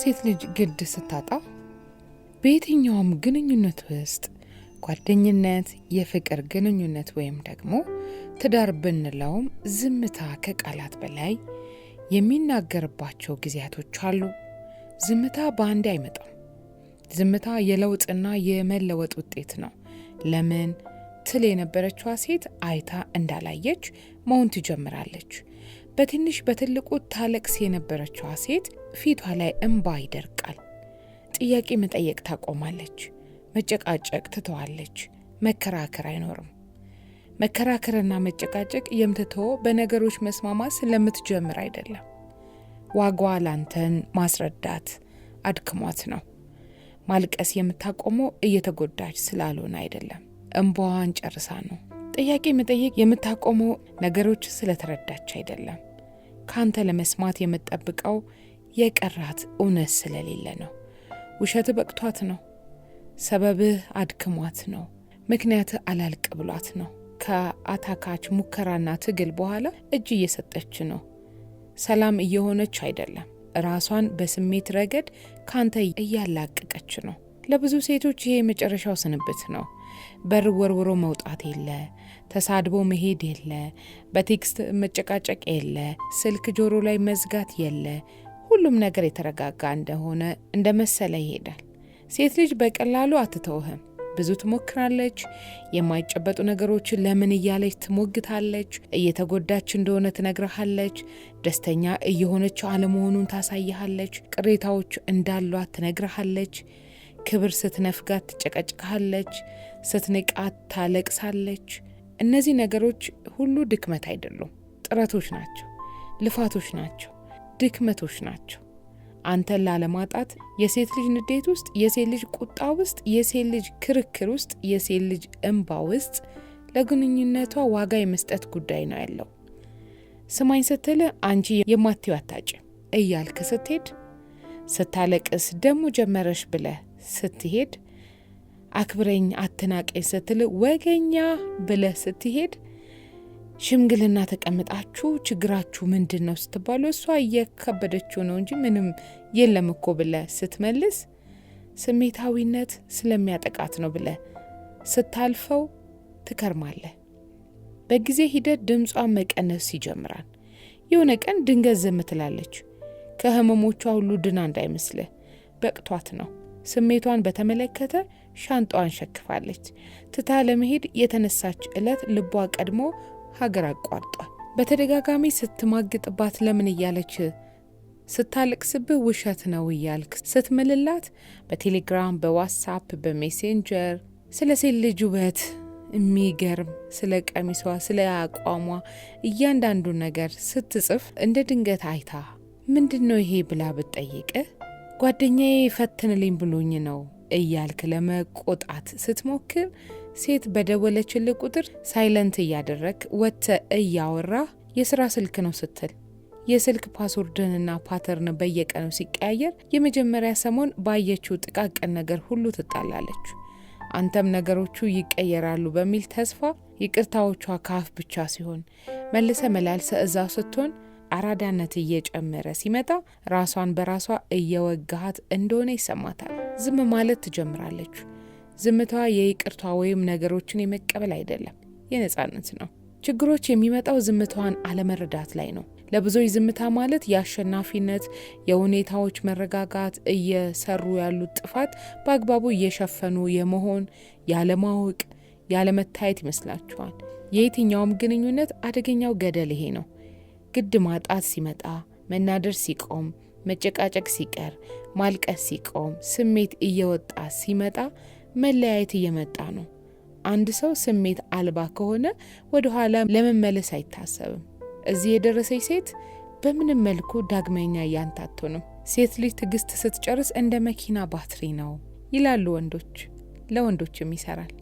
ሴት ልጅ ግድ ስታጣ በየትኛውም ግንኙነት ውስጥ ጓደኝነት፣ የፍቅር ግንኙነት ወይም ደግሞ ትዳር ብንለውም ዝምታ ከቃላት በላይ የሚናገርባቸው ጊዜያቶች አሉ። ዝምታ በአንዴ አይመጣም። ዝምታ የለውጥና የመለወጥ ውጤት ነው። ለምን ትል የነበረችዋ ሴት አይታ እንዳላየች መሆን ትጀምራለች። በትንሽ በትልቁ ታለቅስ የነበረችዋ ሴት ፊቷ ላይ እንባ ይደርቃል። ጥያቄ መጠየቅ ታቆማለች። መጨቃጨቅ ትተዋለች። መከራከር አይኖርም። መከራከርና መጨቃጨቅ የምትተወው በነገሮች መስማማት ስለምትጀምር አይደለም። ዋጓ ላንተን ማስረዳት አድክሟት ነው። ማልቀስ የምታቆመው እየተጎዳች ስላልሆነ አይደለም፣ እምባዋን ጨርሳ ነው። ጥያቄ መጠየቅ የምታቆመው ነገሮች ስለተረዳች አይደለም። ካንተ ለመስማት የምትጠብቀው የቀራት እውነት ስለሌለ ነው። ውሸት በቅቷት ነው። ሰበብህ አድክሟት ነው። ምክንያት አላልቅ ብሏት ነው። ከአታካች ሙከራና ትግል በኋላ እጅ እየሰጠች ነው። ሰላም እየሆነች አይደለም። ራሷን በስሜት ረገድ ካንተ እያላቀቀች ነው። ለብዙ ሴቶች ይሄ የመጨረሻው ስንብት ነው። በር ወርውሮ መውጣት የለ፣ ተሳድቦ መሄድ የለ፣ በቴክስት መጨቃጨቅ የለ፣ ስልክ ጆሮ ላይ መዝጋት የለ፣ ሁሉም ነገር የተረጋጋ እንደሆነ እንደ መሰለ ይሄዳል። ሴት ልጅ በቀላሉ አትተውህም። ብዙ ትሞክራለች። የማይጨበጡ ነገሮችን ለምን እያለች ትሞግታለች። እየተጎዳች እንደሆነ ትነግረሃለች። ደስተኛ እየሆነች አለመሆኑን ታሳይሃለች። ቅሬታዎች እንዳሏት ትነግረሃለች። ክብር ስትነፍጋት ትጨቀጭቃለች ስትንቃት ታለቅሳለች። እነዚህ ነገሮች ሁሉ ድክመት አይደሉም፣ ጥረቶች ናቸው፣ ልፋቶች ናቸው። ድክመቶች ናቸው። አንተን ላለማጣት የሴት ልጅ ንዴት ውስጥ፣ የሴት ልጅ ቁጣ ውስጥ፣ የሴት ልጅ ክርክር ውስጥ፣ የሴት ልጅ እንባ ውስጥ ለግንኙነቷ ዋጋ የመስጠት ጉዳይ ነው ያለው። ስማኝ ስትል አንቺ የማትዪው አታጭ እያልክ ስትሄድ፣ ስታለቅስ ደሞ ጀመረሽ ብለ ስትሄድ፣ አክብረኝ አትናቀኝ ስትል ወገኛ ብለ ስትሄድ ሽምግልና ተቀምጣችሁ ችግራችሁ ምንድን ነው ስትባሉ እሷ እየከበደችው ነው እንጂ ምንም የለም እኮ ብለ ስትመልስ ስሜታዊነት ስለሚያጠቃት ነው ብለ ስታልፈው ትከርማለ። በጊዜ ሂደት ድምጿን መቀነስ ይጀምራል። የሆነ ቀን ድንገት ዝም ትላለች። ከህመሞቿ ሁሉ ድና እንዳይመስልህ በቅቷት ነው። ስሜቷን በተመለከተ ሻንጣዋን ሸክፋለች። ትታ ለመሄድ የተነሳች ዕለት ልቧ ቀድሞ ሀገር አቋርጧል። በተደጋጋሚ ስትማግጥባት ለምን እያለች ስታለቅስብህ ውሸት ነው እያልክ ስትምልላት በቴሌግራም፣ በዋትሳፕ፣ በሜሴንጀር ስለ ሴት ልጅ ውበት የሚገርም ስለ ቀሚሷ፣ ስለ አቋሟ እያንዳንዱ ነገር ስትጽፍ እንደ ድንገት አይታ ምንድን ነው ይሄ ብላ ብትጠይቅህ ጓደኛዬ ፈትንልኝ ብሎኝ ነው እያልክ ለመቆጣት ስትሞክር ሴት በደወለችልህ ቁጥር ሳይለንት እያደረግ ወጥተ እያወራ የስራ ስልክ ነው ስትል የስልክ ፓስወርድንና ፓተርን በየቀኑ ሲቀያየር የመጀመሪያ ሰሞን ባየችው ጥቃቅን ነገር ሁሉ ትጣላለች። አንተም ነገሮቹ ይቀየራሉ በሚል ተስፋ ይቅርታዎቿ ካፍ ብቻ ሲሆን መልሰ መላልሰ እዛው ስትሆን አራዳነት እየጨመረ ሲመጣ ራሷን በራሷ እየወጋሃት እንደሆነ ይሰማታል። ዝም ማለት ትጀምራለች። ዝምታዋ የይቅርቷ ወይም ነገሮችን የመቀበል አይደለም፣ የነጻነት ነው። ችግሮች የሚመጣው ዝምታዋን አለመረዳት ላይ ነው። ለብዙዎች ዝምታ ማለት የአሸናፊነት፣ የሁኔታዎች መረጋጋት፣ እየሰሩ ያሉት ጥፋት በአግባቡ እየሸፈኑ የመሆን ያለማወቅ፣ ያለመታየት ይመስላቸዋል። የየትኛውም ግንኙነት አደገኛው ገደል ይሄ ነው። ግድ ማጣት ሲመጣ፣ መናደር ሲቆም፣ መጨቃጨቅ ሲቀር፣ ማልቀስ ሲቆም፣ ስሜት እየወጣ ሲመጣ መለያየት እየመጣ ነው። አንድ ሰው ስሜት አልባ ከሆነ ወደኋላ ለመመለስ አይታሰብም። እዚህ የደረሰች ሴት በምንም መልኩ ዳግመኛ ያንተ አትሆንም። ሴት ልጅ ትዕግስት ስትጨርስ እንደ መኪና ባትሪ ነው ይላሉ ወንዶች። ለወንዶችም ይሰራል።